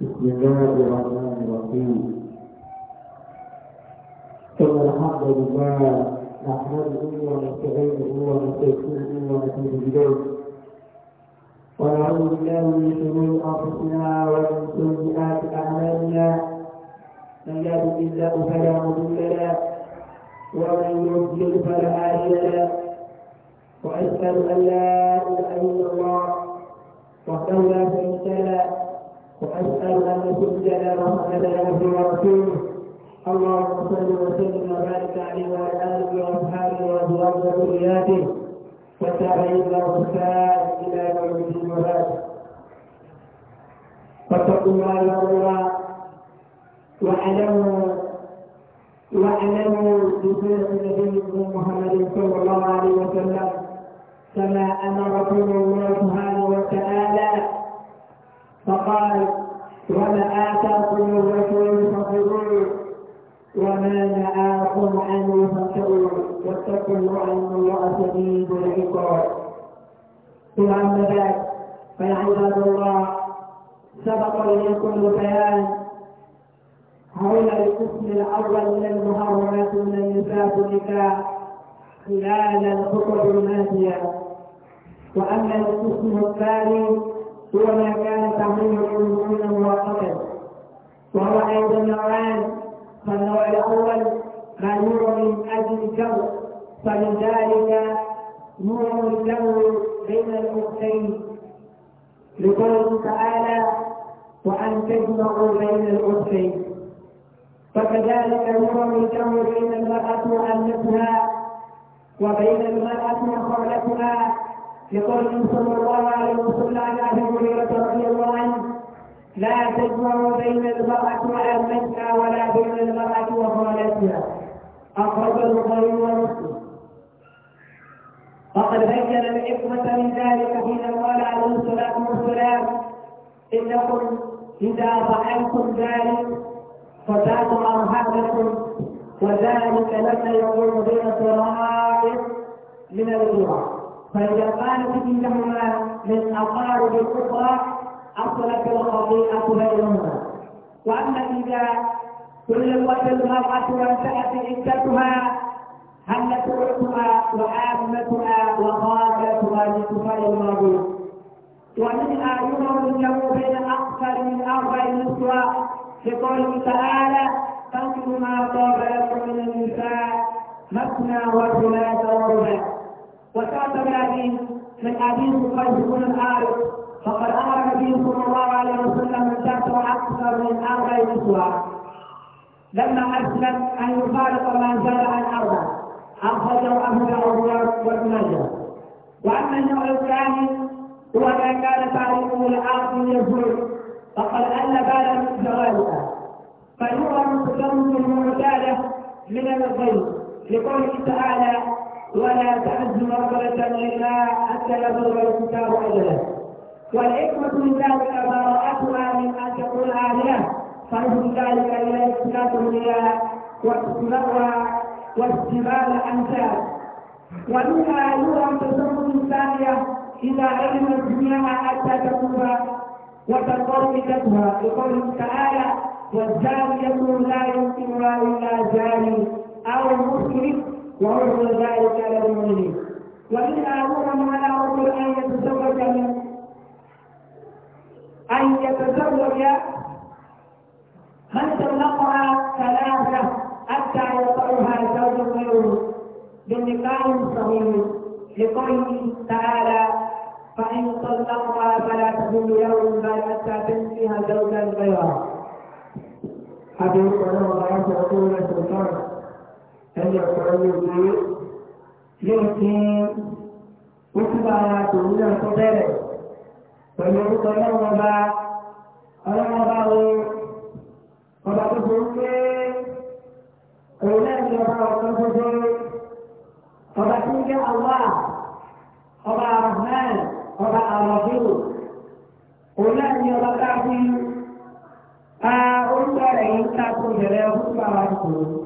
بسم الله الرحمن الرحيم ثم الحمد لله نحمده ونستعينه ونستغفره ونتوب اليه ونعوذ بالله من شرور انفسنا ومن سيئات اعمالنا من يهده الله فلا مضل له ومن يضلل فلا هادي له واشهد ان لا اله الا الله وحده لا واسال ان تبتلى محمدا عبده ورسوله اللهم صل وسلم وبارك عليه وعلى اله واصحابه وازواجه وذرياته وتابعين له الى يوم الدين وبعد فاتقوا الله يوم واعلموا واعلموا بسنه نبيكم محمد صلى الله عليه وسلم كما أمركم الله سبحانه وتعالى فقال وما آتاكم الرسول فخذوه وما نهاكم عنه فانتهوا واتقوا الله إن الله شديد العقاب ثم أما بعد فيا عباد الله سبق إليكم البيان حول القسم الأول من المحرمات من النساء النكاح خلال الخطب الماتية وأما القسم الثاني هو ما كان تحريم المؤمنين مؤقتا وهو أيضا نوعان فالنوع الأول ما من أجل الجو فلذلك نور الجو بين الأختين لقوله تعالى وأن تجمعوا بين الأختين فكذلك نور الجو بين المرأة وأمتها وبين المرأة وخالتها لقوله صلى الله عليه وسلم عن ابي هريره رضي الله عنه لا تجمع بين المرأة وامتها ولا بين المرأة وخالتها أخرجه البخاري ومسلم وقد بين الحكمة من ذلك حين قال عليه الصلاة والسلام إنكم إذا فعلتم ذلك فتاتوا أرحامكم وذلك لما يكون بين سرائر من الغرام فإذا كانت إنهما من أقارب أخرى أصلت الخطيئة بينهما وأما إذا طلقت المرأة وانتهت عدتها هلت عدتها وعامتها وخالتها لكفاء الماضي ومن آيهم أنه بين أكثر من أربع نسوة لقوله تعالى فانكحوا ما طاب لكم من النساء مثنى وثلاث ورباع وتعتبر أبيه من أبيه قد بن الحارث فقد أمر النبي صلى الله عليه وسلم من تاتوا أكثر من أربع نسوة لما أسلم أن يفارق ما زال عن أربع أخرجه أبو داود وابن ماجه وأما النوع الثاني هو ما كان تعريفه العاقل يزول فقد ان بالا من زوالها فيرى تزوج المعتادة من الغيب لقوله تعالى ولا تعز مقبلة إلا حتى يبلغ الكتاب أجله والحكمة من ما رأتها من أن تكون آمنة فارجو ذلك إلى اختلاف الرياء واستمرها واستمرار الأنساب ومنها يرى تصرف الثانية إذا علمت دنياها حتى تكون وتقومتها لقوله تعالى والزانية لا يمكنها إلا زاني أو مسلم وعرض ذلك على المؤمنين وإن آمرهم على رجل أن يتزوج من أن يتزوج من طلقها ثلاثة حتى يطعها زوج غيره بنكاح صغير لقوله تعالى فإن طلقها فلا تحل يوم بل حتى تنكح زوجا غيره حديث عمر رضي الله عنه ẹni ọ̀pọ̀ ẹni òbí yóò ti ó tún bá ara tòun náà tó bẹ̀rẹ̀ pẹ̀lú orúkọ ọlọ́run ọba ọlọ́run ọba o ọba tó borí pé òun náà ní ọba ọ̀kan gbogbo ọba tí ń jẹ́ àwa ọba Rahman ọba àròhìn òun náà ní ọba káàkiri orúkọ rẹ̀ yìí ká tó bẹ̀rẹ̀ orúkọ àwọn àkùnrin.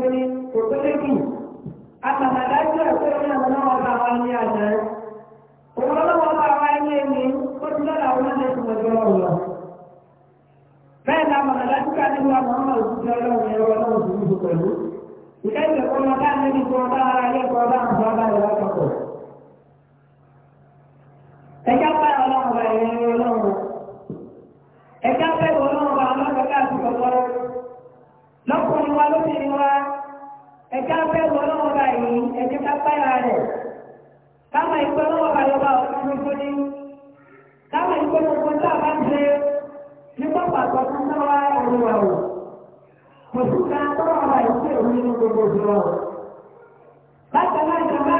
pé kò tó lé kù àtàmàdájọ́ ẹ̀kọ́ ní àmàlọ́wọ́ bá wa ní àjẹ́ òun lọ́wọ́ bá wa ní ẹni ó ti lọ́la òun náà lè fi wọ́n jọ ọ̀rọ̀ bẹ́ẹ̀ ni àmàdájọ́ ká nínú àmàlọ́wọ́ òṣìṣẹ́ ọlọ́run ẹ̀rọ ọlọ́run tó dúró pẹ̀lú ìkẹ́kẹ̀ẹ́ kọ́ ọmọ bá níbi kọ́ ọba ara yẹ kọ́ ọba àwọn ọba ìwà ká bẹ̀rù ọlọ́wọ́ báyìí ẹ̀jẹ̀ ká páyà rẹ̀ káwọn ìpè ọlọ́wọ́ báyìí ọba òkúrufú ni káwọn ìpè gbogbo tá a bá ń ṣe ní pápá tó ń tọ́wá olúwa o kò sí ká tọ́wọ́ báyìí sí èmi ní gbogbo ìṣòro. bákan náà jọba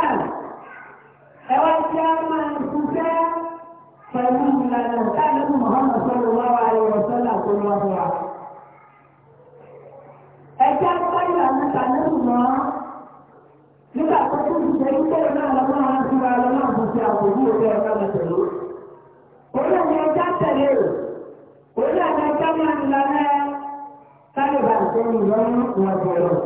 ẹ wá sí á máa pẹ̀lú ìlànà táyọ̀ Muhammad sọ̀rọ̀ wá wa ẹ̀rọ sọ́là tó lọ́wọ́ wa. ẹ̀jẹ̀ lérò òun náà ká sábà ń lọ náà ká lè bàtẹ́ ìlọ́run ìwọ̀n bọ̀rọ̀.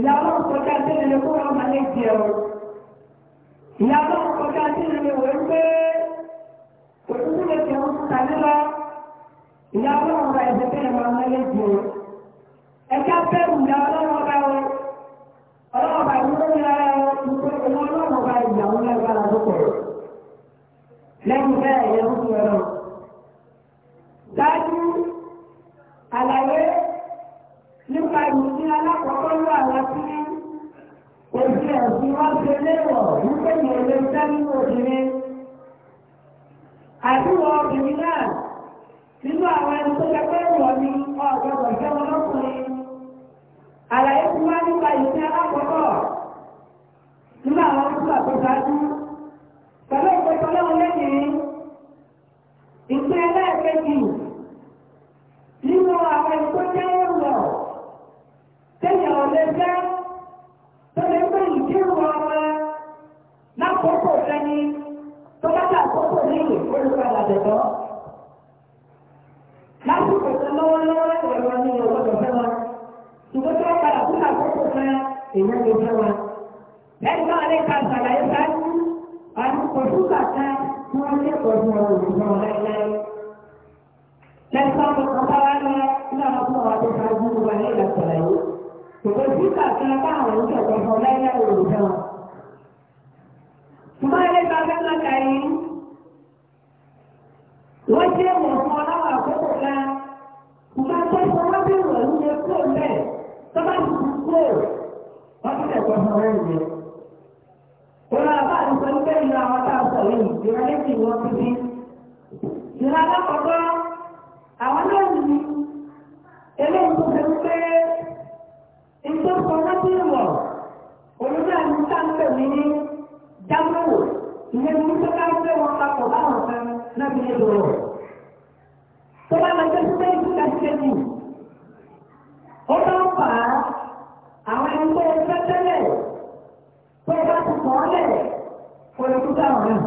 ìyàwó ọ̀sọ̀ká tẹ́lẹ̀ lè kó wọn máa lè jẹun. àtẹ̀tọ́. lásìkò tó lọ́wọ́lọ́wọ́ lẹ́kọ̀ọ́ ní ọgbọ́dọ̀ fẹ́ wọn ṣùgbọ́n tó padà fún àkókò fẹ́ èèyàn tó fẹ́ wọn. lẹ́yìn náà lè ka ṣàlàyé sáájú àwọn kòtù kàkà tí wọ́n lé pọ̀jù ọ̀rọ̀ òṣùwọ̀n láéláé. lẹ́yìn náà mo kàn bá wá lọ nínú àwọn fún àwọn tó ṣáájú wọn ní ìlà ṣàlàyé. kòtù kàkà báwọn ìjọba ọ̀rẹ́ rẹ̀ àkọọ́lẹ̀ olùkúta ọ̀rẹ́.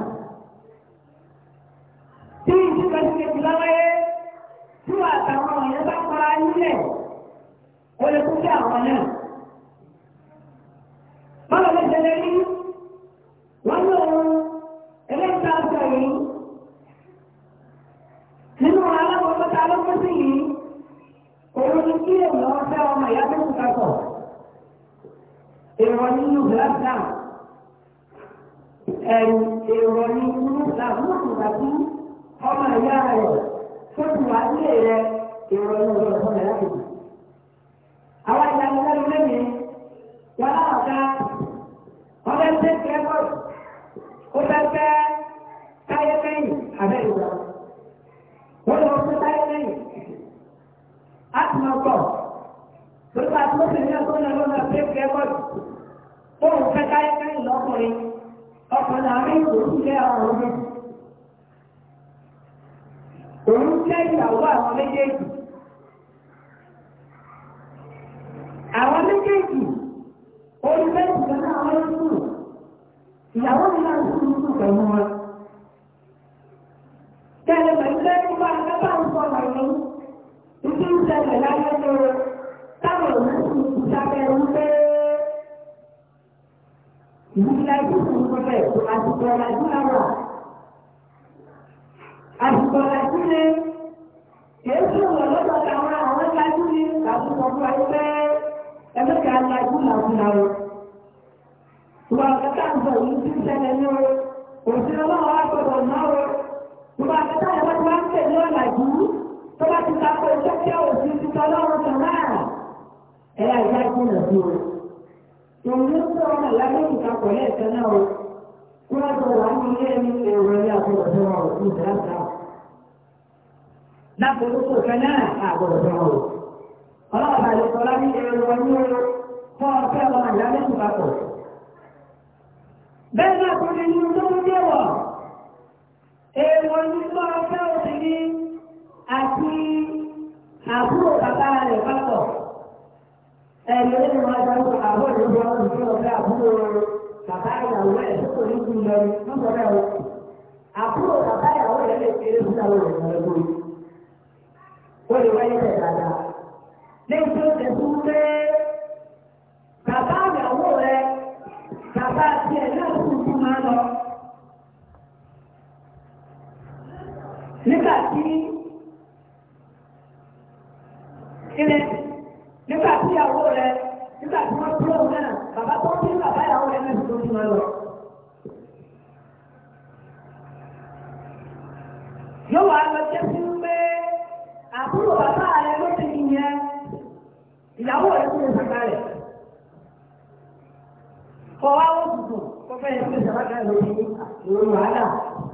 nípa ẹgbẹ́ ọ̀pọ̀ ọ̀rọ̀ ìdí ìṣẹ̀lẹ̀ láyé ló táwọn òun ti sábẹ́ wípé ìwúlẹ̀ ìṣẹ̀lẹ̀ ìpínlẹ̀ èkó àtìkọ́ ọ̀làjú láwà. Àtìkọ́ ọ̀làjú ni kìí sí ọ̀rọ̀ lọ́dọ̀ àwọn àwọn ọ̀làjú ni láti sọ fún pé ẹgbẹ́ kan lájú làwọn làwọn. Ìwà ọ̀gá táwọn ìṣẹ̀lẹ̀ ní o, òṣèlú ọlọ́run á gbọ́dọ̀ o pè ní ọ̀làjú tó bá ti ta pé iṣẹ́ tí ò sí ti tọ́lọ́run kan náà ẹ̀yà ìyá ìpínlẹ̀ sí o. Ìròyìn tó ọmọ ìyáwó ìta pẹ̀lú ẹ̀sẹ̀ náà o. Kí wọ́n tó wà ní ilé ní èrò ilé àbúrò tó wà ní ìdáàbò. Lápòlú kò fẹ́ náà àbúrò tó wà o. Ọlọ́run bá lè sọlá ní èrò ọdún oró fún ọ̀fẹ́ ọmọ ìyáwó ìta Bẹ́ẹ̀ náà kò èèwọ̀ ní máa fẹ́ obìnrin àti àbúrò bàbá rẹ̀ papọ̀ ẹ̀rọ nínú wọn jọ àbúrò ní wọn kò sí ọ̀fẹ́ àbúrò bàbá ìyàwó ẹ̀ tó kò ní kú lọ lọ́sọ̀ rẹ̀ o àbúrò bàbá ìyàwó rẹ̀ lè kéré sí àwọn ènìyàn rẹ̀ lórí ó lè wáyé rẹ̀ dáadáa lẹ́yìn tó tẹ̀síwú nígbà aqui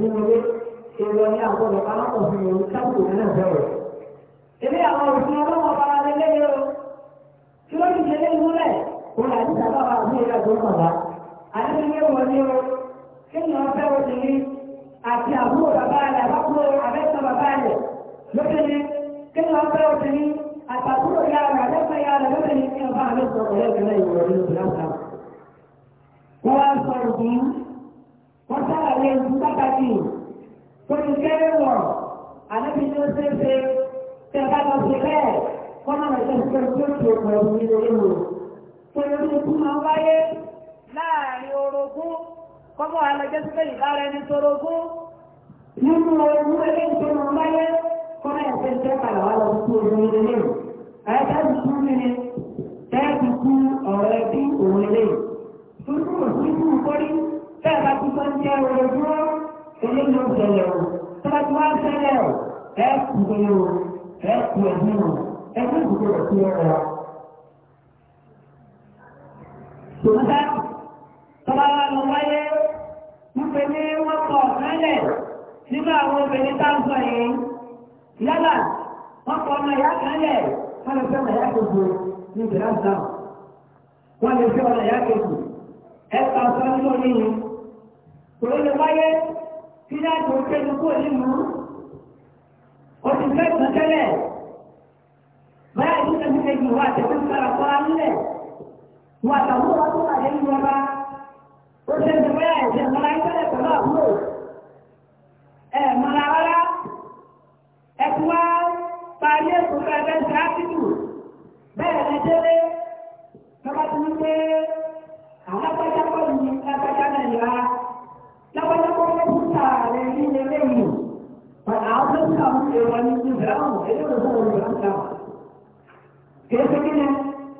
nínú ilé èèwọ̀ ní àgbọ̀dọ̀ palápọ̀ sí ìròyìn sábùkù nínú ìbẹ̀rẹ̀. ilé àwọn òṣìṣẹ́ ọlọ́wọ́ fara lé lẹ́yìn o tí ó ti ṣẹlẹ̀ múlẹ̀ òun àti sábà bá àbúrò rẹ̀ tó kàn wá. àti ilé wọn ní o kéèyàn fẹ́ obìnrin àti àbúrò bàbá rẹ̀ àbákúrò abẹ́sán bàbá rẹ̀ lóbìnrin kéèyàn fẹ́ obìnrin àtàkùrò yá rẹ̀ àbẹ́sán yá rẹ̀ lóbìnrin kéèyàn fẹ́ wọ́n sára lè ju pàtàkì tó ti kéré wọ̀ àlébi tó ṣe é ṣe tẹ bá lọ sí bẹ́ẹ̀ kọ́ máa lọ sí pé tó ti ọ̀pọ̀ ẹ̀wù nínú ewu. Tòlórí ikú máa ń wáyé láàrin orogún kọ́mọ́ àlọ́jọ́ sí pé ìbára ẹni torogún. Nínú ogun ẹgbẹ́ tó máa ń wáyé kọ́mọ́ ẹ̀sẹ̀ ń tẹ́ padà wá lọ sí ogun ilé lẹ́yìn. Àyẹ̀ká ti kú mi ni tẹ́ẹ̀ ti kú ọ̀rọ̀ ẹbí òun lẹ́yìn. Tuntun kò bẹ́ẹ̀ bá ti tó jẹ́ oore dúró ilé ló ṣẹlẹ̀ o tó bá ti wá ń ṣẹlẹ̀ o ẹ kù pé o ẹ kù ẹ̀dín o ẹ ní ìdílé rẹ̀ sí ọ̀rọ̀ Tòmọ́tà tọ́ba wa lọ wáyé wípé ní wọ́n kọ̀ mẹ́lẹ̀ nínú àwọn obìnrin tá a sọ yìí yálà wọ́n kọ ọmọ ìyá kan wọ́n lè fẹ́ ọmọ ìyá kejì ní ìgbéra ìdáhùn wọ́n lè fẹ́ ọmọ ìyá kejì ẹ̀ pa ọ̀sán lórí yìí tòun lè wáyé tí láti òkè ní kò ní mú o ti fẹ́ tún tẹ́lẹ̀ báyà ìdílé mi lè yìí wá àtẹ̀kùn sára kọ́ra nílẹ̀ wọ́n àtàwọn إذا هو يفهم كيف كده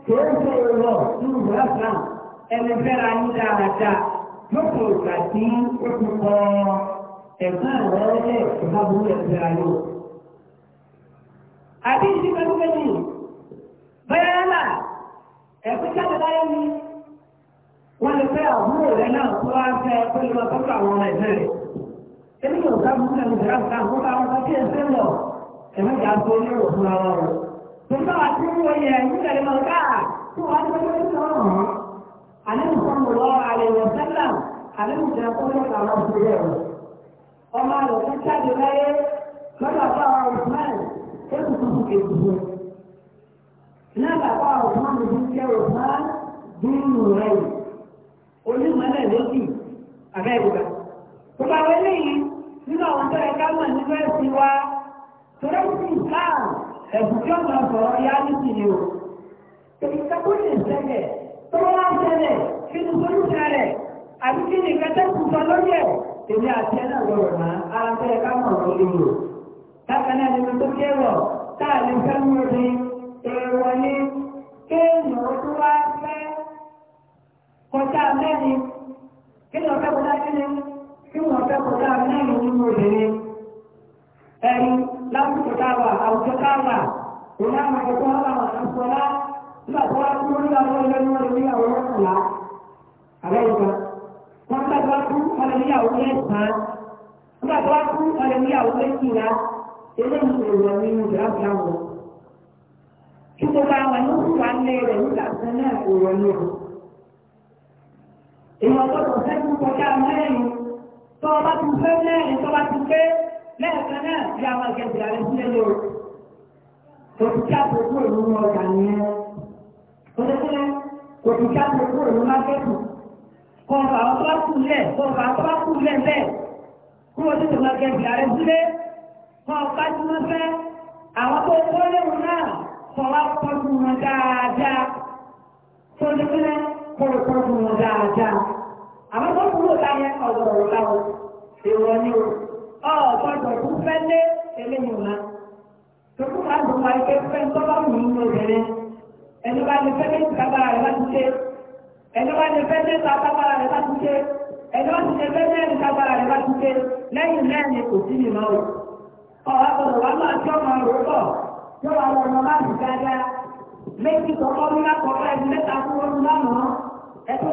كيف يقول شو يفهم اللي فرع عندها هذا يقول كثير يقول ẹ̀gbọ́n rẹ̀ lẹ̀ ìbá burú ẹ̀fẹ́ ayé o. Àbí ìdíkẹ́lú méjì, bẹ́ẹ̀ náà, ẹ̀fẹ́ jáde láyé ni wọ́n lè fẹ́ àbúrò rẹ̀ náà tó wá fẹ́ pé lọ́wọ́ tó kà wọ́n ẹ̀fẹ́ rẹ̀. Ebi yóò sá burú ẹ̀fẹ́ rẹ̀ kà wọ́n bá wọn kọ́ sí ẹ̀fẹ́ lọ ẹ̀mú ìjà tó ní ìwò fúnra wọn o. Tòmítọ́ wa ti ń wọ yẹ nígbàdé máa ká tó wá tó tó tó hàn án. Àlejò sọ̀rọ̀ lọ àlejò sẹ́lá àlejò jẹ́ kó ní àwọn òṣèré rẹ̀. Ọmọ rẹ̀ tó jáde láyé lọ́dọ̀ bá wa Osman ó sì tún fi ètùtù. Náà bàbá Osman ti jẹ́ Osman dúró rẹ̀. Onímọ̀lẹ̀ lókì àbẹ́ ìgbà. Gbogbo àwọn eléyìí nínú àwọn tó yẹ ká mọ̀ nínú ẹ̀sìn wa tọ́lọ́sì islam ẹ̀bùjọ́ máa sọ̀rọ̀ yálùsì ni o. èyí kakó lè ṣẹlẹ̀ tọ́wọ́ ṣẹlẹ̀ kí ni sọ́lùsẹ̀ rẹ̀ àbí kí ni kẹtẹ́kù sọ lórí ẹ̀ èmi àti ẹ̀ náà lọ́rọ̀ náà ara fẹ́ ká mọ̀ ọ́ lórí o. bákan náà ni mo tó kí ẹ̀rọ táà lè fẹ́ mú mi èèwọ̀ ni kéèyàn tó wá fẹ́ kọjá mẹ́rin kéèyàn fẹ́ kọjá mẹ́rin kí wọ́n fẹ́ kọjá mẹ́rin nínú obìnrin ẹ̀yìn láwùjọ táwà àwùjọ táwà òun náà máa kọ́kọ́ wà wà ní sọlá nígbà tó wá kúrò nígbà tó lọ ní wọn ní àwọn ọ̀la àbẹ́yẹ kan wọn bá tó wá kú ọ̀lẹ̀ ní àwọn ilé sàn nígbà tó wá kú ọ̀lẹ̀ ní àwọn ilé kìlá eléyìí lè wọ nínú ìdáàbò àwọn kí gbogbo àwọn ẹni tó wà ní rẹ̀ nígbà tó náà kò wọ ní o èèyàn tó kọ̀ sẹ́kù kọjá mẹ́rin tó ọba tó fẹ́ mẹ́rin tó bá ti fẹ́ lẹ́ẹ̀kan náà bí a máa kẹ́sì ààrẹ sílẹ̀ lò kò sí kí àpòkù òun ọjà nìyẹn kò sí pé kò sí kí àpòkù òun mákẹ́tù kò fà ọ́ tó bá kù lẹ̀ kò fà ọ́ tó bá kù lẹ̀ bẹ́ẹ̀ kó o tètè máa kẹ́sì ààrẹ sílẹ̀ kò ọ̀pá tí wọ́n fẹ́ àwọn tó kọ́ léwu náà kò wá pọ́jú wọn dáadáa kò sí pé kò pọ́jú wọn dáadáa àwọn tó kúrò láyé ọ̀dọ̀ ọ̀rọ̀ láwọn èèwọ̀ ni o ọ̀gbọ́dọ̀ tún fẹ́ lé eléyìí ọ̀la. Tòkú máa dùn wá ike fẹ́ tó bá wù nínú obìnrin. Ẹni bá lè fẹ́ lé ìtagbára rẹ̀ láti ṣe. Ẹni bá lè fẹ́ lé ìtagbára rẹ̀ láti ṣe. Ẹni bá ti lè fẹ́ lé ìtagbára rẹ̀ láti ṣe. Lẹ́yìn náà ni kò sí ìmọ̀ o. Ọ̀rọ̀ àgbọ̀dọ̀ wá máa tí ọmọ rò pọ̀. Yóò wá lọ ọmọ láti dáadáa. Méjì kọ̀ọ̀kọ́ ní lákọ̀ọ́kọ́ ẹni mẹ́ta fún wọn lánàá. Ẹ̀tọ́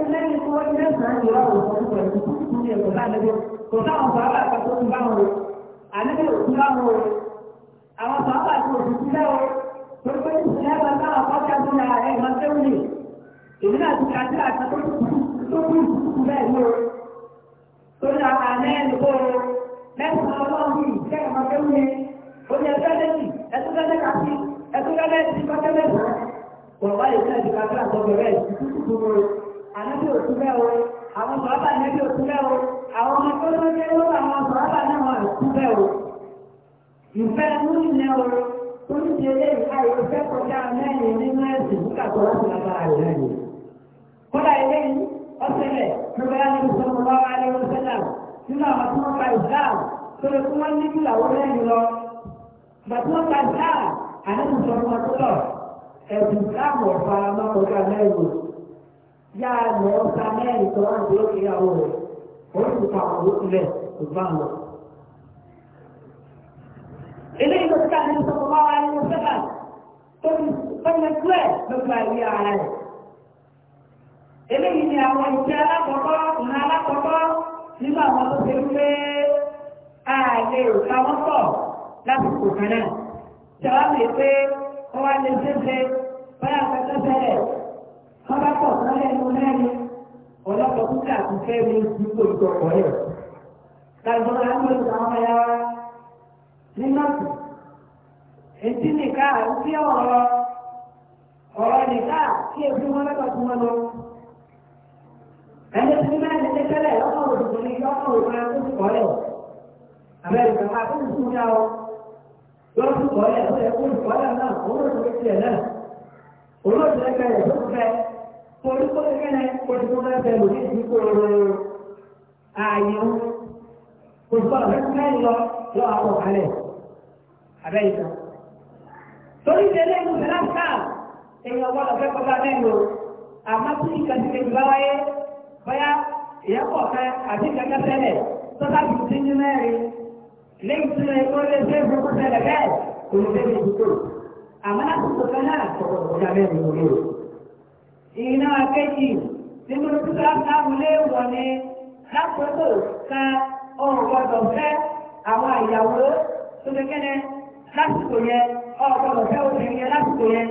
kò sáwọn bàbá àgbàdo ń bá wọn o àníbi òkú láwọn o àwọn bàbá àti òkú lẹ́ o torí pé ìṣẹ̀lẹ̀ ẹgbẹ́ táwọn kọ́jà tó ra ẹ̀ máa tẹ́wọ́ ni èmi náà ti ka sí àti tó kú ìdúkú bẹ́ẹ̀ ni o torí àwọn àná ẹ̀ nìkó o mẹ́sàn-án ọlọ́run yìí kẹ́ ẹ̀ máa tẹ́wọ́ ni o ní ẹgbẹ́ lẹ́yìn ẹtú lẹ́lẹ́ kà sí ẹtú lẹ́lẹ́ ti kọ́jà lẹ́sàn-án wọ̀ wáyé sẹ́ẹ̀ ti ka sí àwọn sọ̀rọ̀bà nẹ́bí òkú bẹ́ẹ̀ o àwọn ọmọ tó lọ́jẹ́ lọ́wọ́ àwọn sọ̀rọ̀bà náà wọn òkú bẹ́ẹ̀ o ìfẹ́ mú ìyẹn o tó ń ṣe lé ìkáyọ̀ ìfẹ́ kọjá mẹ́rin nínú ẹ̀sìn nígbà tó láti lágbára rẹ̀ lẹ́yìn. kódà ilé yìí ọ̀sẹ̀lẹ̀ lọ́gbẹ́lá ní ìṣòro bá wà ní ọ̀sẹ̀lá nínú àwọn tí wọ́n ka ìsìláàmù tó lè fún wọn ní ìlàwọ́ lẹ́yìn lọ. bàtí wọ́n ka ìsìláàmù àdéhùn sọ̀rọ̀ wọn tó lọ ẹ̀sìn ìsìláàmù ọ̀fà máa kọjá mẹ́rin yá lọ ka mẹ́rin tó wà lórí ìyàwó rẹ̀ ó sì pa àwọn olókùnlẹ̀ tó bá lọ. eléyìí ló ti ká nínú sọ́kọ̀ máa wá nínú sẹ́fà tó ti fẹ́lẹ̀ tó ẹ̀ lọ́gbà ìwé ara rẹ̀. eléyìí ni àwọn ìṣe alákọ̀ọ́kọ́ ìran alákọ̀ọ́kọ́ nínú àwọn tó ṣe wípé ààyè ìkáwọ́ pọ̀ lásìkò kan náà. ṣèwádìí pé wọ́n wá lè ṣe ṣe báyà kẹ́kẹ́ Bàbá pọ̀ sọ́lẹ̀ ẹnu mẹ́rin, ọlọ́pọ̀ kúkà ti fẹ́ mi dúpọ̀ ìjọpọ̀ yẹn. Gbàgbọ́n àwọn ìlú àwọn ẹ̀yà wa ní nọ́ọ̀sì. Ètí nìka àti ọ̀rọ̀ ọ̀rọ̀ nìka kí ebi wọn lọ́kọ̀ tí wọ́n lọ. Ẹni tí mẹ́rin ní tẹ́lẹ̀ lọ́kọ̀ òdòdó ni lọ́kọ̀ òdòdó tó ti kọ́ lẹ̀. Àbẹ̀rẹ̀ ìgbàgbọ́ tó ti kú yá ọ. Lọ́kọ̀ kọ́ lẹ̀ lọ́kọ̀ kọ́ lẹ̀ náà, olóòtú torí kó kẹ́lẹ́ kótó tó bá fẹ́ lò ní ìdíkòrò ààyè ń kò gbọ́dọ̀ fẹ́ kẹ́lẹ́ lọ lọ àwọn ọ̀kálẹ̀ abẹ́ ìta. torí ìdílé ìlú sẹ́láńtà èèyàn gbọ́dọ̀ fẹ́ kọjá mẹ́lò àmọ́ tí ìkàtìkẹ́ ìgbà wáyé bóyá ìyẹ́pọ̀ kan àti kẹ́kẹ́ sẹ́lẹ̀ tó bá fi sí ní mẹ́rin lẹ́yìn tí wọ́n kó lé ṣé ìfowópamọ́ sẹ́lẹ̀ bẹ́ẹ̀ kò ní ìrìnà kejì nínú títà láwùlé wọ̀ ni lákòókò ka ọ̀rọ̀ gbọ́dọ̀ fẹ́ àwọn ìyàwó tó lè kẹ́lẹ́ lásìkò yẹn ọ̀rọ̀ gbọ́dọ̀ fẹ́ obìnrin yẹn lásìkò yẹn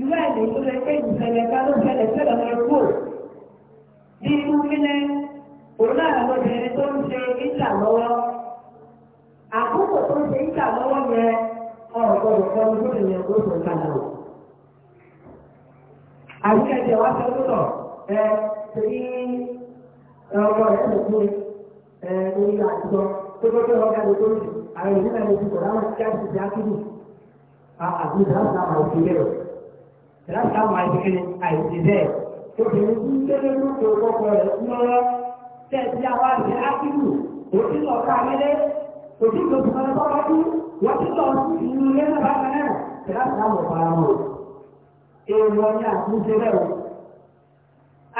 ìwé ẹ̀dẹ̀ tó lè ké ìṣẹ̀lẹ̀ ká ló ṣẹlẹ̀ ṣẹlẹ̀ lọ kú ò ní inú nílẹ̀ òun náà lọ́bìnrin tó ń ṣe ìjà lọ́wọ́ àkókò tó ń ṣe ìjà lọ́wọ́ yẹn ọ̀rọ̀ gbọ́dọ̀ fẹ́ obìnrin yẹn kó tó ń kalẹ̀ àbí ẹ̀jẹ̀ wá sọ lọ́tọ̀ ẹ torí ọmọ rẹ̀ ló kú ẹ orí àtijọ́ tó tó tó ọjà ló tóbi àwọn ìlú náà ti sọ̀rọ̀ àwọn ìjà ti já kíbi àbí ìdáhùn náà máa lérò ìdáhùn náà máa fi kiri àìsí bẹ́ẹ̀ tó fi ní kí kéré ló tó kọ́kọ́ rẹ̀ lọ́wọ́ tẹ̀sí àwọn àti ákíbù òtí lọ ká mẹ́lẹ́ òtí lọ sọ̀rọ̀ bọ́ọ̀lù wọ́n ti lọ sí ìlú lẹ́nu bá èèwọ̀ ni àkúnṣe rẹ̀ o.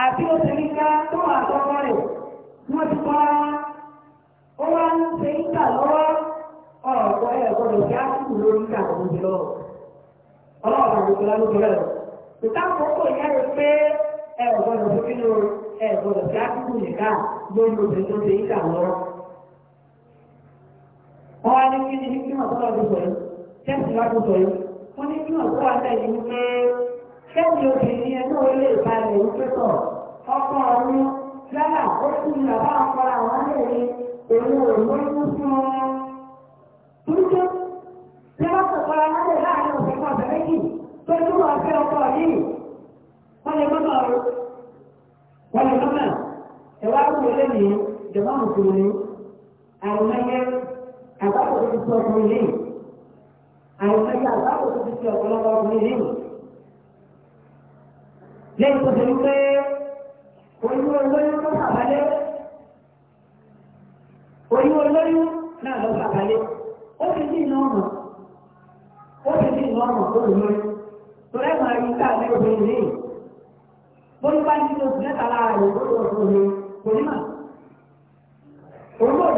àti ó ti rí ká tó àtọ́kọ́ rẹ̀ wọ́n ti kọ́ ó wá ń ṣe ń kà lọ́wọ́ ọ̀pọ̀ ẹ̀ gbọ́dọ̀ kí á kú lórí ká àkúnṣe lọ́wọ́. ọlọ́ọ̀bà àdìgbò lálùkù rẹ̀ o. ìta àkókò ìyá rẹ̀ pé ẹ gbọ́dọ̀ tó kí lóru ẹ gbọ́dọ̀ kí á kú lórí obìnrin lọ́wọ́. wọ́n ni kí wọ́n tó lọ́ọ́ kẹ́ni obìnrin ẹ̀ náà lè balẹ̀ tọ̀ ọkọ ọ̀run yálà ó kú ní bàbá àkọlà wọn lè òun ò lóyún fún ọ. Túnjẹ́ ní wọ́n ti kọ́ra wọn láàrin òfin kan ọ̀sẹ̀ méjì tó ní wọ́n ọkọ yìí. Wọ́n lè mọ́mọ́ o. Wọ́n lè mọ́mọ́. Ẹ̀wá kò lè ní ìjọba mùsùlùmí. Àìmọye àgbàkò tó ti sọ ọkùnrin yìí. Àìmọye àgbàkò tó ti sọ ọkùnrin yìí. lẹ́yìn tó ṣe wípé oyún olóyún ló sàbálẹ̀ oyún olóyún náà lọ sàbálẹ̀ ó ti ní iná ọ̀nà ó ti ní iná ọ̀nà tó lóyún torí ẹ̀mọ̀ ayé ká ní obìnrin ní bóyá bá oṣù mẹ́ta lára rẹ̀ kò ní mà o o yóò bá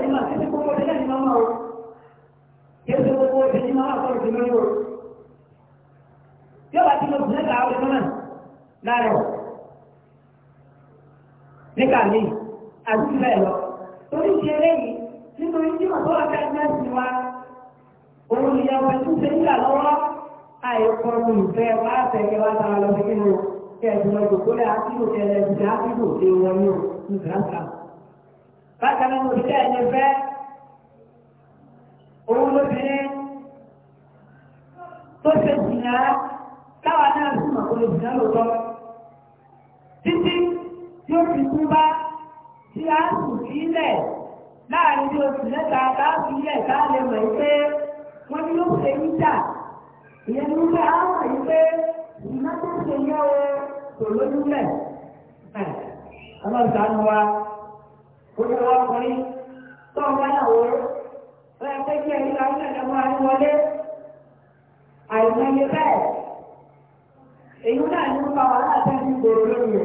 ti lọ sí mẹ́ta láàárọ̀ nígbà míì àti bẹ́ẹ̀ lọ torí ti eléyìí nítorí tí màtó àti ẹgbẹ́sì wa òun ìyàwó ẹ̀sùn ṣe nígbà lọ́wọ́ àìkọlù ìfẹ́ wa tẹ̀lé wa tara lọ sí nínú kẹ̀sùn ọ̀dọ̀ tó lẹ́ àtìlù ẹ̀rẹ́ ìdí àtìlù ṣe wọn ní òkú gàǹgà. bákan náà mo ṣe ẹni fẹ́ òun lóbìnrin tó ṣe jìnnà táwa náà sì mọ̀ olùsìnà lóòótọ́ fi kú bá tí a sùn sílẹ̀ láàrin bí oṣù mẹ́ta bá sílẹ̀ bá lè mọ̀ pé wọ́n ní ó ṣe ń jà ìyẹn ní wípé a mọ̀ yìí pé ìmọ̀tò ṣe yẹ o kò lóyún lẹ̀. ọlọ́run sànù wa ó yẹ wá ọkùnrin tó ń báyàwó ó yẹ pé kí ẹni ká ń tẹ̀lé mọ́ àní wọlé àìmọye bẹ́ẹ̀ èyí náà ní ń fa wàhálà tẹ́lẹ̀ ń gbòòrò lónìí.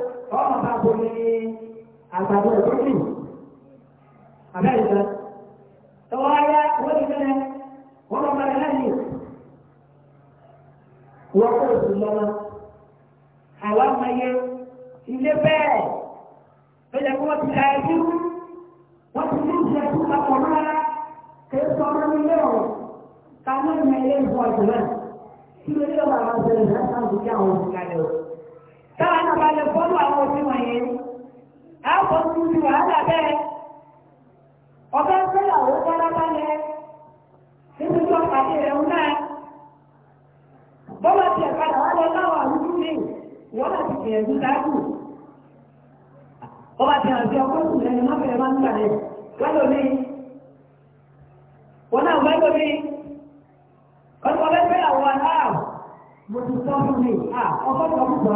àgbàdo ẹ̀kọ́ sí àbẹ́rẹ́ tọwọ́ ayá wọ́n ti fẹ́rẹ́ wọ́n lọ bá lẹ́yìn wọ́n kó oṣù lọ́wọ́ àwa mọye ilé bẹ́ẹ̀ lọ́jà kí wọ́n ti ka ẹbí wọ́n ti ní ìṣẹ́ tó papọ̀ rárá kìí sọ ọmọ nílé ọ̀rọ̀ ká ní ìmọ̀ ilé ìfọ̀ ọ̀sẹ̀ náà kí ló dé ọ̀rọ̀ àwọn ọ̀sẹ̀ rẹ̀ láti àwọn òṣìṣẹ́ àwọn òṣìṣẹ́ rẹ̀ o. táwọn náà bá lè fọ́lù àwọn òṣìṣẹ́ wọ̀nyẹn àwọn ọdún ti wàhálà bẹ́ẹ̀ ọba fẹ́yàwó bọ́lábálẹ̀ nínú tó pàdé rẹ̀ ń náà bọ́lá tiẹ̀ padà wá láwọn àrùkú mi wọ́n bá ti gbìyànjú dájú ọba ti hàn sí ọgọ́rùn-ún fẹ́rẹ̀ máa ń gbà rẹ̀ wẹ́lò mi náà wẹ́lò mi ọdún ọbẹ̀ fẹ́yàwó aláà ah, mo ti sọ fún mi ah, ọgọ́rùn-ún sọ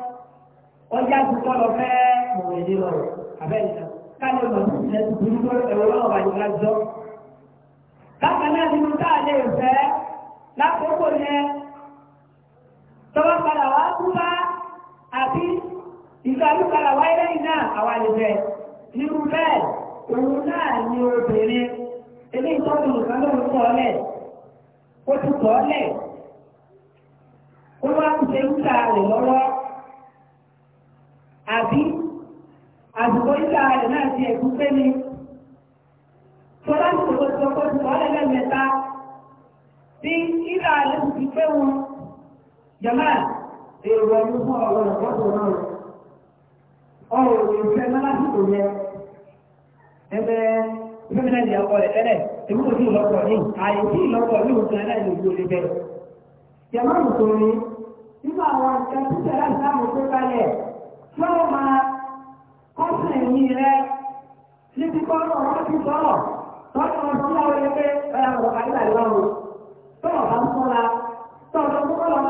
ọjà tó kọlọ fẹ́ mọ̀rọ̀ èdè lọ́rọ̀ abẹ́rẹ́ náà káàdì ọ̀nà tó ṣe burú tó ẹ̀rọ lọ́wọ́ bá yìí lájọ́. bákan náà nínú táà lè fẹ́ lákòókò yẹn tọ́wọ́ padà wá kúbá àbí ìgbàlú padà wáyé lẹ́yìn náà àwa lè fẹ́ nínú bẹ́ẹ̀ òun náà ni obìnrin ilé ìtọ́jú nǹkan ló ń kọ́ lẹ̀ ó ti kọ́ lẹ̀ ó wá ti ṣe ń ta rẹ̀ lọ́wọ́. àbí àsìkò ìlà rẹ̀ náà ti ẹ̀kú pé ni tó lásìkò tó ti ọkọ̀ ìsìnkú mẹ́ta tí ìlà rẹ̀ sì ti pé wọn jama èrò ọdún fún ọ̀rọ̀ ìpọ́tò náà ọ̀rọ̀ yẹ ẹgbẹ́ ọkọ rẹ̀ tẹ́lẹ̀ èmi kò ní àyè ní òkè àwọn tó yóò máa kó sì yí rẹ ní kíkọ́ náà wọ́n ti sọ̀rọ̀ wọ́n tó lọ́wọ́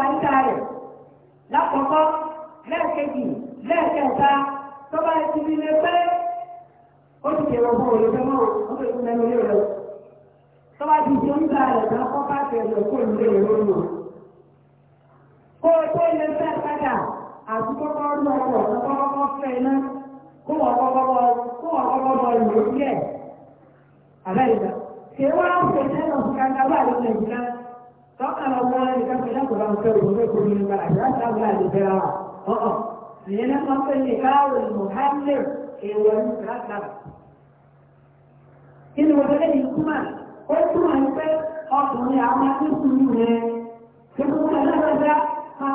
ayíká rẹ̀ lákọ̀ọ́kọ́ lẹ́ẹ̀kejì tó bá ti fi lé pé ó ti kèrò fún òye mọ́ ó fẹ́ fún ẹnu lérò tó bá ti jẹun gbà rẹ̀ tán kọ́ bá tẹ̀lé kó lè lóyún kó tó lè fẹ́ padà. àti kọ́kọ́ rí ọkọ̀ kọ́kọ́ kọ́kọ́ fẹ́ iná kó wọ́n kọ́kọ́ bọ́ kó wọ́n kọ́kọ́ bọ́ ìlú yẹ àbẹ́yìnbá ṣé wọ́n á fẹ́ iná lọ sí kankan bá àlejò nàìjíríà tọ́ka lọ wọ́n á nìkan fẹ́ lẹ́kọ̀ọ́ láwọn fẹ́ òun lẹ́kọ̀ọ́ ní ìgbà àti láti láwọn àlejò fẹ́ ra wa ọ̀ọ̀ ìyẹn náà máa fẹ́ ní káwé mohammed èèwọ̀ ní ìgbàlá kí ni wọ́n fẹ́ lẹ́yìn kúmà ó túmọ̀ ní pé ọkùnrin àwọn akẹ́kọ̀ọ́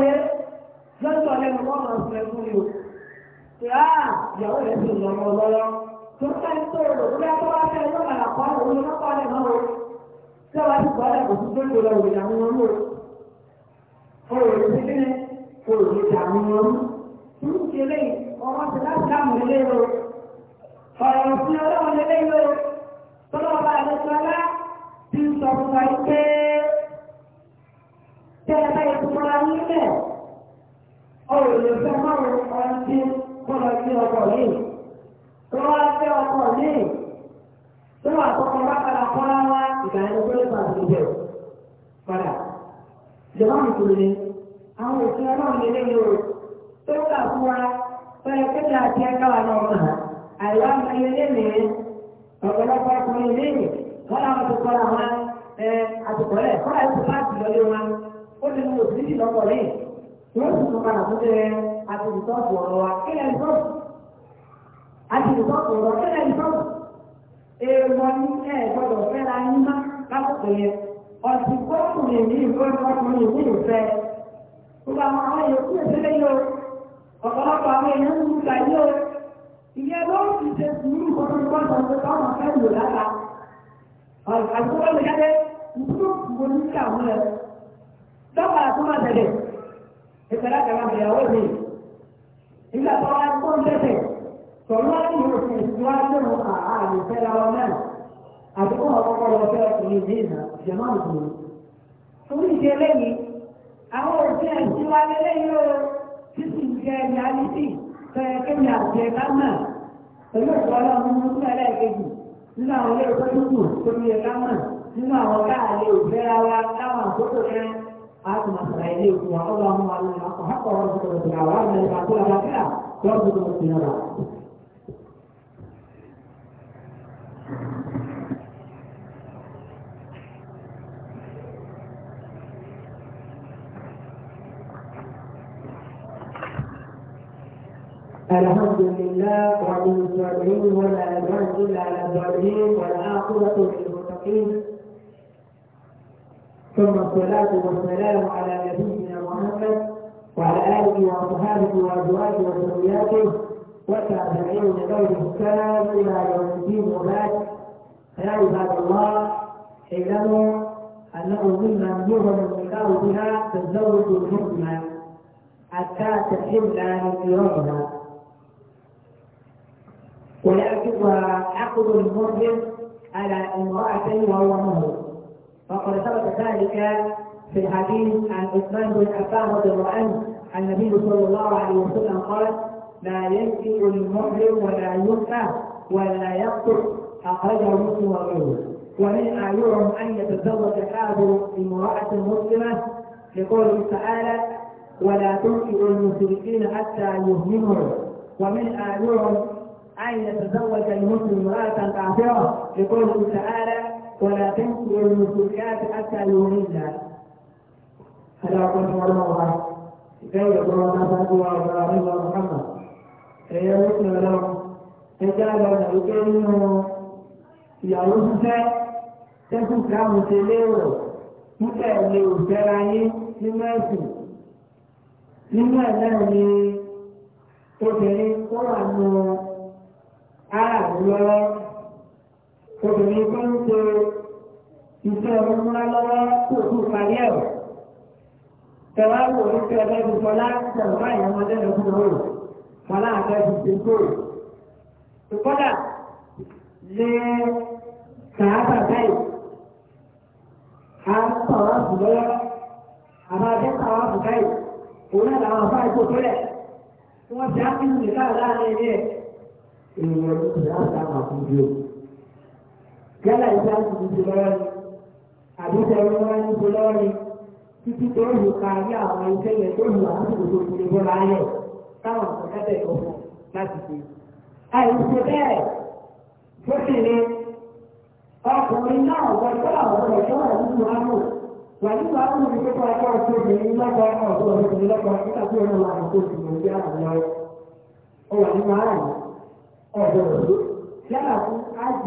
lé lọ́jọ́ lẹ́nu wọ́n máa sọ ẹkún ni o. Ṣé á ah, ìyàwó rẹ̀ ti lọ ọmọ lọ́wọ́? Tó ń tẹ́lẹ̀ tó rò bí a tó bá fẹ́ ẹjọ́ kàlà kọ́ àwọn olóyún lọ́kọ́ rẹ̀ náà o. Ṣé tẹ́ ẹ báyìí tó mọ́ra yín bẹ̀. ọ̀rọ̀ lè fẹ́ márùn-ún ọ̀hún tí wọ́n lọ sí ọkọ̀ yìí. wọ́n wá fẹ́ ọkọ̀ yìí. tó wà kọ́kọ́ bá padà kọ́ra wá ìgbà ẹni tó lè pàṣẹ ìbẹ̀. padà ìjọba mi kò lè àwọn òfin ọlọ́run lè léyìn o tó kà fún wa fẹ́rẹ̀ kéde àti ẹ̀ka wà náà mọ̀ àìwá mi lè léyìn ọ̀pọ̀lọpọ̀ ọkùnrin léyìn wọ́n làwọn ti kọ́ra pé mo sì ti lọ́pọ̀ lé yóò sì tún padà tó bẹ́ẹ̀ àtìrìtọ́pù ọ̀rọ̀ wa kílẹ̀ ìtọ́pù àtìrìtọ́pù ọ̀rọ̀ kílẹ̀ ìtọ́pù èèwọ̀ ní ẹ̀ gbọ́dọ̀ fẹ́ la yín má lákòókò yẹn ọ̀sìn kọ́kùnrin ní ìfọ́ ìfọ́kùnrin ní ìfẹ́ gbogbo àwọn àwọn èèyàn kúrò sílé yìí o ọ̀pọ̀lọpọ̀ àwọn èèyàn ń gbà yìí o ìyẹn ló ń fi ṣe sùúrù kọ́kọ́ ní wọ́n sọ pé káwọn fẹ́ lò lára àgbẹ̀wọ́ lè jáde ìdúró kùn dọ́kàrà tó máa tẹ̀lé ìpẹ̀lẹ́ àgbàlá ìyàwó mi ìgbà tó wá tó ń tẹ̀lé tọ̀lọ́ ní òfin ìwájú àárín fẹ́ra wọn náà àti kó àwọn ọmọ ọlọ́fẹ́ ọkùnrin ní ìhà ìjọba òkùnrin. torí ìdí eléyìí àwọn òfin ẹ̀sìn wa lélẹ́yìn o títí ìjẹ ẹ̀yà alísì fẹ́ẹ́ kéwì àti ẹ̀ká náà pẹ̀lú ìwọ ọlọ́run ní ìlú ẹlẹ́ẹ̀kejì nínú àwọn ilé ìtọ́jú kù tó ní ẹ̀ká náà nínú àwọn káàlẹ́ òfẹ́ra wa táwọn àkókò náà آتنا خيريك اللهم علمنا الحق حقا وارزقنا اتباعه وارنا لبعثنا باطلا وارزقنا اجتنابه الحمد لله وعلى الصالحين ولا عدوان الا على الظالمين والعاقبه للمتقين ثم الصلاة والسلام على نبينا محمد وعلى آله وأصحابه وأزواجه وذرياته وتابعين بغير السلام إلى يوم الدين وبعد فيا عباد الله اعلموا أنه ممن يغنم النكاح بها تزوج الحكمة حتى تحل عن غيرها ويعكسها عقد المرجم على امرأة وهو مهر وقد ثبت ذلك في الحديث عن عثمان بن عفان رضي الله عنه عن النبي صلى الله عليه وسلم قال لا ينكر المحرم ولا يؤتى ولا يقتل اخرجه مسلم وغيره ومن اعيرهم ان يتزوج احد امراه مسلمه لقوله تعالى ولا تنكر المشركين حتى يهمهم ومن اعيرهم ان يتزوج المسلم امراه كافره لقوله تعالى ولا تنكروا المشركات حتى يؤمنن هذا قول الله كيف يقول الله وابراهيم ومحمد ẹ̀yẹ lókè ọ̀rọ̀ ẹjẹ́ àgbàdà wípé nínú ìyàwó ṣiṣẹ́ tẹ́kù káàmù ṣe léèrò nígbà ẹ̀mí òṣèlá yín nínú ẹ̀sìn nínú ẹ̀dá ẹ̀mí obìnrin tó wà nù áàrùn lọ́wọ́ obìnrin tó ń ṣe iṣẹ́ ọmọ lọ́wọ́ kò tún parí ẹ̀rọ. Tẹ̀wá wò ó fi ọ̀dọ́ ti sọ láti sọ̀rọ̀ báyìí ọmọdé lọ fún òun. Fọlá àgbẹ̀ ti ṣe kó. Ìkọ́dà lè sàábà báyìí. A ń sọ̀rọ̀ àbúlọ́wọ́. Àbá jẹ́ sọ̀rọ̀ àbúkáyì. Òun náà làwọn afá ìkó tó rẹ̀. Wọ́n ti á fi ń lè káà láàrin ilé ẹ̀. Èèyàn ló ti rà á sáà máa fún bí o yálà iṣẹ́ àtúntò ti lọ́wọ́ ni àbí iṣẹ́ olówó ni ti lọ́wọ́ ni títí tó lù ka ní àwọn iṣẹ́ yẹn tó lù àtúntò tó ti lè bọ́ láyọ̀ táwọn àkọ́kẹ́tẹ̀ kọ̀ fún láti ṣe. àìsè bẹ́ẹ̀ tó sì ni ọkùnrin náà wọ́pọ̀ àwọn ọ̀dọ́ wà nínú àmọ̀ wà nínú àmọ̀ ní pípa ẹ̀kọ́ ọ̀tún obìnrin lọ́kọ̀ ọ̀tún obìnrin lọ́kọ̀ nígbà tí ó ń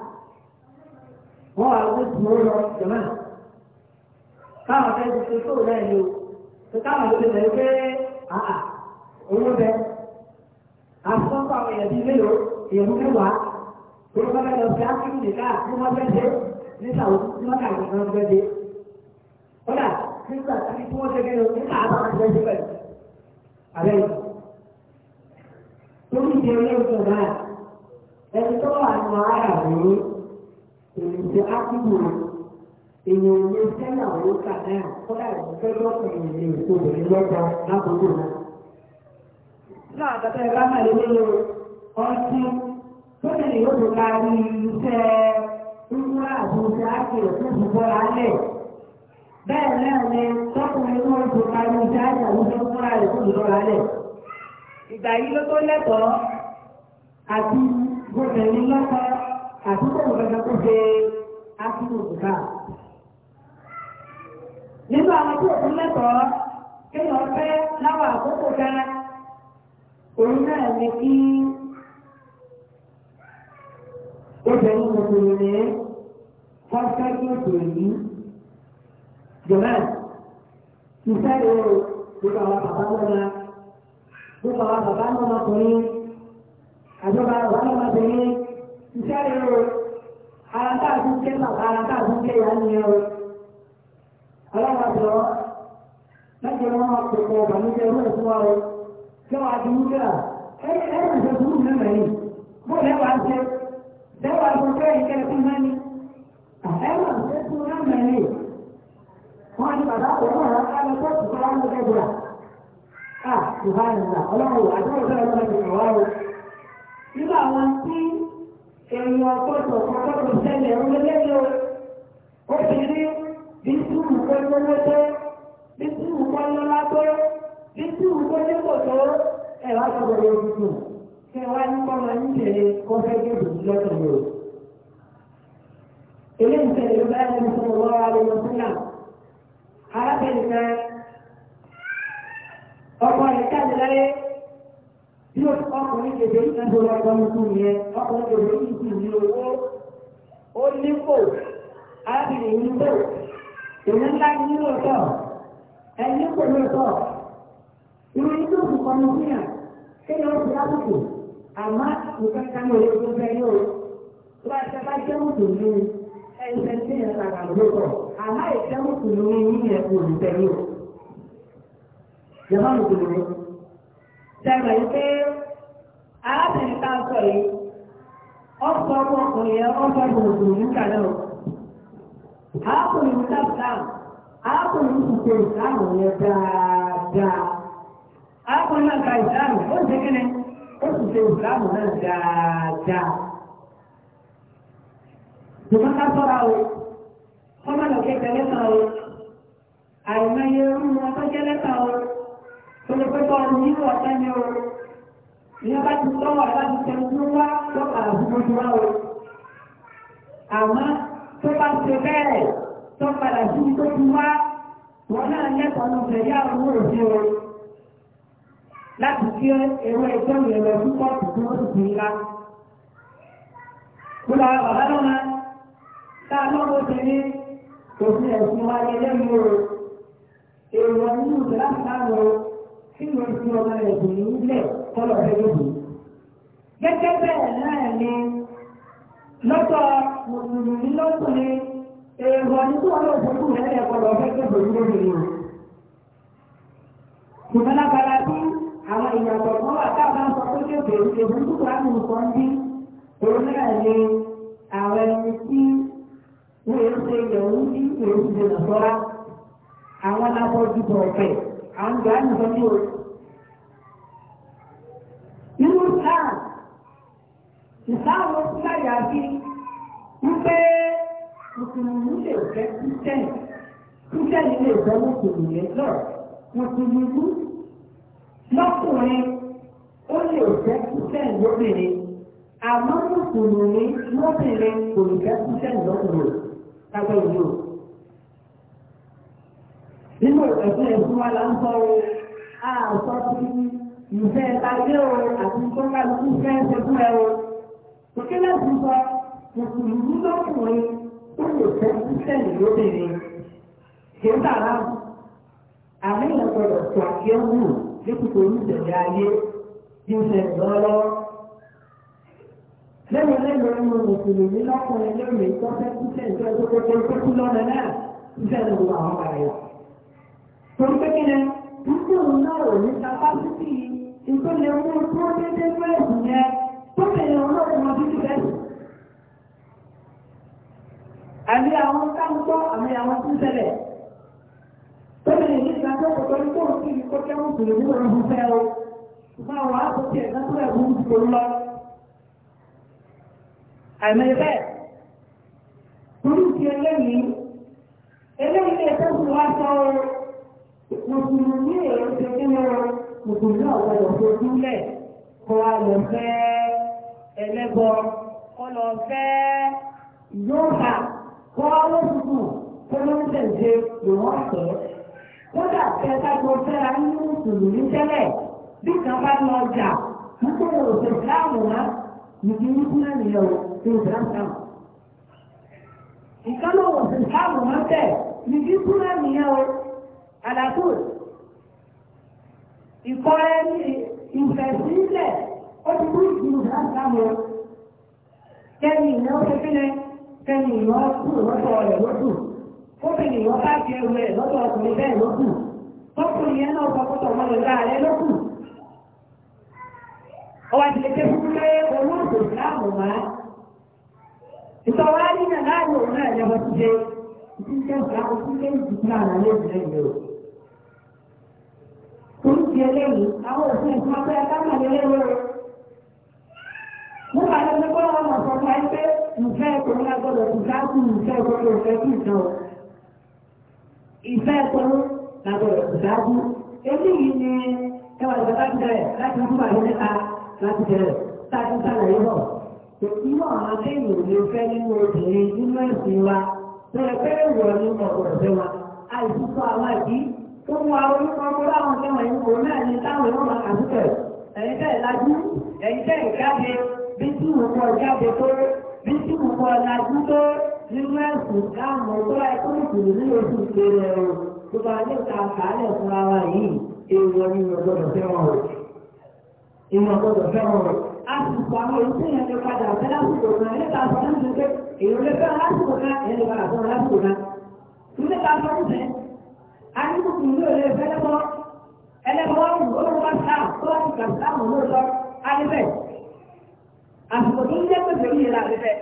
wọ́n wá owó tí lọ jọ̀mọ́ káwọn fẹ́ ti tó náà o tó káwọn ló ti lọ pé àà owó bẹ àfọ́nfọ́ àwọn èèyàn bíi mélòó èèyàn mẹ́wàá tó wọ́n fẹ́ lọ sí ákíní nìkan tí wọ́n fẹ́ dé nígbà wo tí wọ́n kà ní wọ́n fẹ́ dé kódà nígbà tí wọ́n ṣe kí ni nígbà àbáwọn fẹ́ dé pẹ̀lú àbẹ́ yìí torí ìdí ẹgbẹ́ ìgbà náà ẹni tó wà nù ara rèé ìjọ ápùpù èèyàn lè tẹ́lẹ̀ àwọn kàdá kọ́lá ìfẹ́ lọ́sẹ̀ ìrìn èso rẹ̀ lọ́gbà lákòókò náà. Ní àgbàtà ẹ̀ka máa lè lélo ọtí tó tẹ̀lé yóò tó ka rí iṣẹ́ ńlá àbúṣe ákèrè tó ti bọ́ alẹ́. Bẹ́ẹ̀ náà ni tọkùnrin náà tó ka rí iṣẹ́ ákèrè àbúṣe ńlá rẹ̀ tó ti bọ́ alẹ́. Ìgbà yìí ló tó lẹ́tọ̀ọ́ àti gbọ̀dọ̀ ní lọ́kọ̀ọ́ àti sẹ́nu tó ṣe ákínú òkúta. nínú àwọn tí òkú lẹ́tọ̀ọ́ kéèyàn fẹ́ láwọn àkókò ká òun náà lè kí obìnrin mùsùlùmí wọ́n fẹ́ kí ètò yìí jọ̀rọ̀ ìfẹ́ rẹ̀ gbogbo àwọn bàbá lọ́la gbogbo àwọn bàbá lọ́la kùnrin àjọba àwọn lọ́la kùnrin iṣẹ́ rẹ̀ ara tá a tún ké bàbá ara tá a tún ké ìyá nìyẹn o ọlọ́wọ́ lẹ́jọ́ wọn máa pè pọ̀ bàmíjẹ́ owó ẹ̀fún wa o kí wọ́n ti wú kíra ẹ̀rọ ìṣẹ́ sùúrù mẹ́mẹ́ yìí bó lẹ́wàá ṣe lẹ́wàá sọ pé ìkẹ́ fún mẹ́ni ẹ̀rọ ìṣẹ́ sùúrù mẹ́mẹ́ wọ́n ní bàbá òun ọ̀rọ̀ káàlọ́ tó ti fọ́lá ní ẹ̀dùrà ah ìbáraẹ̀nà ọlọ́run àdúrà ẹ̀wọ̀n ọgọ́dọ̀ ọgọ́dọ̀ sẹ́lẹ̀ ọlọ́lẹ́yọ obìnrin bí túwù kọ́ lọ́wọ́ tó bí túwù kọ́ lọ́lá tó bí túwù kọ́ lẹ́kọ̀ọ́ tó ẹ̀wà sọ̀rọ̀ ní kọ́ máa ń tẹ̀lé ọfẹ́ gbèbè lọ́tọ̀ lọ. eléyìí tẹ̀lé báyìí ní sọ̀rọ̀ lọ́wọ́ bí ó ọkùnrin kèfè ìtẹ́jú ọlọ́gbọ́n tó yẹ ọkùnrin kèfè ìtì ní owó ó nípò ábìrì nípò èmi ńlá ní lóòótọ́ ẹni kò lóòótọ́ ìwé tó kù kọ́ni fún yà kéèyàn ó fi lábùkù àmọ́ nǹkan kan ní owó tó fẹ́ yóò tó bá ṣe bá jẹ́ mùtò ní ẹ̀ṣẹ̀ tí yẹn kàkà lóòótọ́ àmọ́ ìṣẹ́ mùtò ní yíyẹ kò ní fẹ́ yóò. Jẹ́ máa ń gbèrò Ṣẹ̀mọ̀ yìí pé arábìnrin ká sọ yìí, ọ̀pọ̀ ọmọkùnrin yẹn ọ̀pọ̀ gbòògbò nígbà náà. Arákùnrin nígbà náà, arákùnrin ìṣùkò ìsìláàmù yẹn dáadáa. Arákùnrin náà ka ìsìláàmù, ó ṣe kí ni? Ó sì ṣe ìsìláàmù náà dáadáa. Ṣùgbọ́n ká sọ́ra o, ọmọ lọ́kẹ́ tẹ́lẹ̀ kan o, àìmọye irú wọn tó jẹ́ lẹ́ta o tó lè pẹ́ bá a nínú ọ̀tá ni o ìyẹn bá ti lọ́wọ́ àti tẹ̀lé tó wá tó kàrà fún ojú wa o àmọ́ tó bá ṣe bẹ́ẹ̀ tó padà sí tó ti wá wọn náà lẹ́kọ̀ọ́ ló fẹ́ yá owó òde o láti fi ewé ẹgbẹ́ mi lọ sí pọ́ọ̀tù tí wọ́n ti ńlá. Kó lọ bàbá lọ́nà tá a lọ́wọ́ ṣe ní òfin ẹ̀sìn wa lé lẹ́nu o. Èrò ọ̀hún ìlú láti dáhùn o nínú ìfún ọmọ rẹ̀ kò ní lẹ̀ kọ́lọ̀ fẹ́ lóko. Gẹ́gẹ́ bẹ́ẹ̀ náà ni lọ́tọ̀ mùsùlùmí lọ́kùnrin èrò ní tó wọn lọ́sọ̀ kù rẹ̀ lẹ̀ kọ́lọ̀ fẹ́ lóko lóko ni. Ṣùgbọ́n lágbára bí àwọn ìyàtọ̀ kan wà káàbá sọ pé kéèké èdè tó kúrò àmì nǹkan bí òun náà ni àwọn ẹni tí wọ́n ń ṣe ìyẹ̀wò ní ìròyìn ìdènà sọ́ra àwọn alábọ́jú bọ̀ ọ̀fẹ́ àwọn ìgbà nìkan ní òkú ìsáà ìsáà wọn ti láyà bí wípé mùsùlùmí lè fẹ́ kírísítẹ́nì kírísítẹ́nì lè fẹ́ mùsùlùmí lọ mùsùlùmí lọ́kùnrin ó lè fẹ́ kírísítẹ́nì lóbìnrin àmọ́ mùsùlùmí lóbìnrin kò lè fẹ́ kírísítẹ́nì lọ́kùnrin lábẹ́ ìlú nínú ẹ̀sìn ẹ̀sìn wa là ń sọ ọ́ àǹsọ́ ìfẹ́ ayé o àti kọ́kálukú fẹ́ ṣe fún ẹ Òkè láti sọ mùsùlùmí lọ́kùnrin tó lè fẹ́ kírísítẹ́nì lóbìnrin. Kìí bàrà àmì ìlọ́gbọ̀dọ̀ tó àkíyẹ́wò lẹ́kùtò oníṣẹ̀lẹ̀ ayé bí ó ṣe lọ́wọ́. Lẹ́nu lẹ́nu ọmọ mùsùlùmí lọ́kùnrin lórí tó fẹ́ kírísítẹ́nì tó ẹgbẹ́ tó tó kú lọ́nà náà ìfẹ́ ni gbogbo àwọn bàrà yà. Torí pé kí ni, dúkùn náà ò ní kapásítì yìí ìtò lè mú tó dédé fẹ́ẹ̀sì yẹn tó bèèrè ọlọ́run ọdún tó bẹ́ẹ̀. àmì àwọn káńtọ́ àmì àwọn tó ṣẹlẹ̀ tó bèèrè ní ìgbà tó kò torí kó kí ni kó kẹ́ ń sùn lórí ọ̀rọ̀ fẹ́ o ṣùgbọ́n àwọn àkókò ẹ̀ náà tó ẹ̀ bú ti lọ. àmì bẹ́ẹ̀ torí ti ẹlẹ́yìn eléyìí lè tẹ́sùn wá sọ ọ́ mùsùlùmí èrò ṣe kí ni ọ̀rọ̀ mùsùlùmí náà gbọdọ̀ fojú lẹ̀ kó a lọ fẹ́ ẹlẹ́bọ kó lọ fẹ́ yóòbá kó a lọ tuntun kó ló ń tẹ̀lé lòun ọ̀sẹ̀. kódà kẹta tó fẹ́ra ní mùsùlùmí tẹ́lẹ̀ bí kan bá lọ jà nítorí òṣèlú láàmú náà nìdí ní kúrẹ́ nìyẹn o tó ìdáhùn náà ìkálọ̀ wọ̀sùn káàmù máa tẹ̀ ní kíkú ọ̀pọ̀ ẹni ìfẹ̀sílẹ̀ ó ti kú ìdìbò láàbò kẹ́ni ìyẹn ó kékeré kẹ́ni ìyẹn ó kú lọ́tọ̀ rẹ̀ lọ́tù kóbìnrin ìyẹn bá jẹ ẹrù rẹ̀ lọ́tọ̀ ọkùnrin bẹ́ẹ̀ lọ́tù tọkùnrin yẹn náà sọ pọ́tọ̀ ọmọ rẹ̀ láàrẹ lọ́tù. ọwọ́ àti lẹ́kẹ́ fún pé owó òdò láàbò má ìtọ́wá nínú láàbò náà yẹ tó ń di eléyìí àwọn òfin nǹkan pé akáàmà ní rẹ̀. Mo máa lọ́dún kọ́ ọmọ sọ fún ẹ pé ìfẹ́ ẹ̀kọ́ ńlá gbọ́dọ̀ kù sáàkù ìfẹ́ ẹ̀kọ́ ló fẹ́ kù jọ. Ìfẹ́ ẹ̀kọ́ ńlá gbọ́dọ̀ kù sáàkù. Eléyìí ni ẹwà ìgbà láti bẹ̀rẹ̀ láti fún àyè níta láti bẹ̀rẹ̀ táàkì sàlàyé bọ̀. Ìmọ̀ àwọn akéwì lè fẹ́ nínú obìnrin nínú ẹ̀sìn wa. Bẹ́ẹ̀ bẹ́ẹ̀ wọ̀ nínú ọ̀pọ̀ ọ̀fẹ́ wa. Àìsíkọ́ àwọn àdí ó mú àwọn orúkọ ọmọdé àwọn ọ̀sẹ̀ wọ̀nyí kò náà ní táwọn èèyàn máa kàbúkẹ̀ ẹ̀yin bẹ́ẹ̀ lajú ẹ̀yin bẹ́ẹ̀ bí tí mo kọ jáde tó bí tí mo kọ lajú tó nínú ẹ̀sùn káàmù tó ẹ̀kọ́ ìkùnú ní oṣù kéré o tó bá ní ìta àkàálẹ̀ fún ara yìí èèwọ̀ ni ìwọ̀n fẹ́ràn rẹ̀ ìwọ̀n gbọ́dọ̀ fẹ́ràn rẹ̀ alùpùpù ní òde ẹlẹ́bọ ẹlẹ́bọ wọn kù ó wọn sá tó wọn kà sá mọ̀ ní òtọ́ alẹ́bẹ̀ àsìkò tó ń jẹ́ pé bẹ̀rù yẹn alẹ́bẹ̀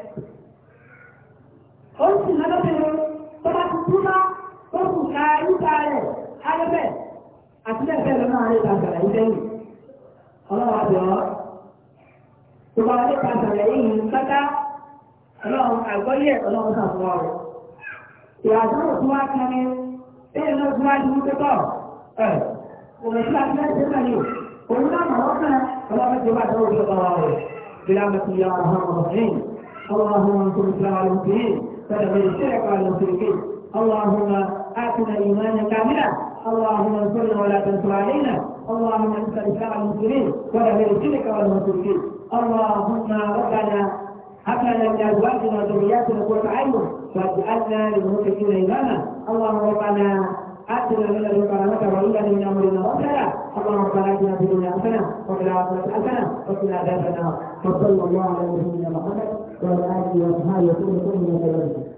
ó sì lọ́dọ̀ pé tó bá tuntun bá tó kù ká yíká rẹ̀ alẹ́bẹ̀ àti bẹ́ẹ̀ bẹ́ẹ̀ lọ́nà àlẹ́ ìta àgbàlá yìí lẹ́yìn ọlọ́wọ́ àbẹ̀ ọ́ tó bá àlẹ́ ìta àgbàlá yìí ń káká ọlọ́wọ́ àgbọ́yẹ̀ ọlọ́wọ́ sàfọwọ́ ìyàtọ̀ tó wá kan ní bẹ́ẹ̀ lọ sí wájú wípé tọ́ ẹ̀ òun ìlú àti láti ṣẹ́yìn ni òun náà mọ̀ ọ́kàn ọlọ́run ti bá tọ́wọ́ ìjọba wa اللهم انصر الإسلام المسلمين فدمر الشرك على اللهم آتنا إيمانا كاملا اللهم انصرنا ولا تنصر علينا اللهم انصر إسلام على المسلمين ودمر الشرك على اللهم ربنا هب لنا من أزواجنا وذرياتنا قرة أعين واجعلنا للمتقين إماما اللهم ربنا آتنا من لدنك رحمة وإن من أمرنا رشدا اللهم ربنا آتنا في الدنيا حسنة وفي الآخرة حسنة وقنا عذاب النار وصلى الله على نبينا محمد وعلى آله وأصحابه وسلم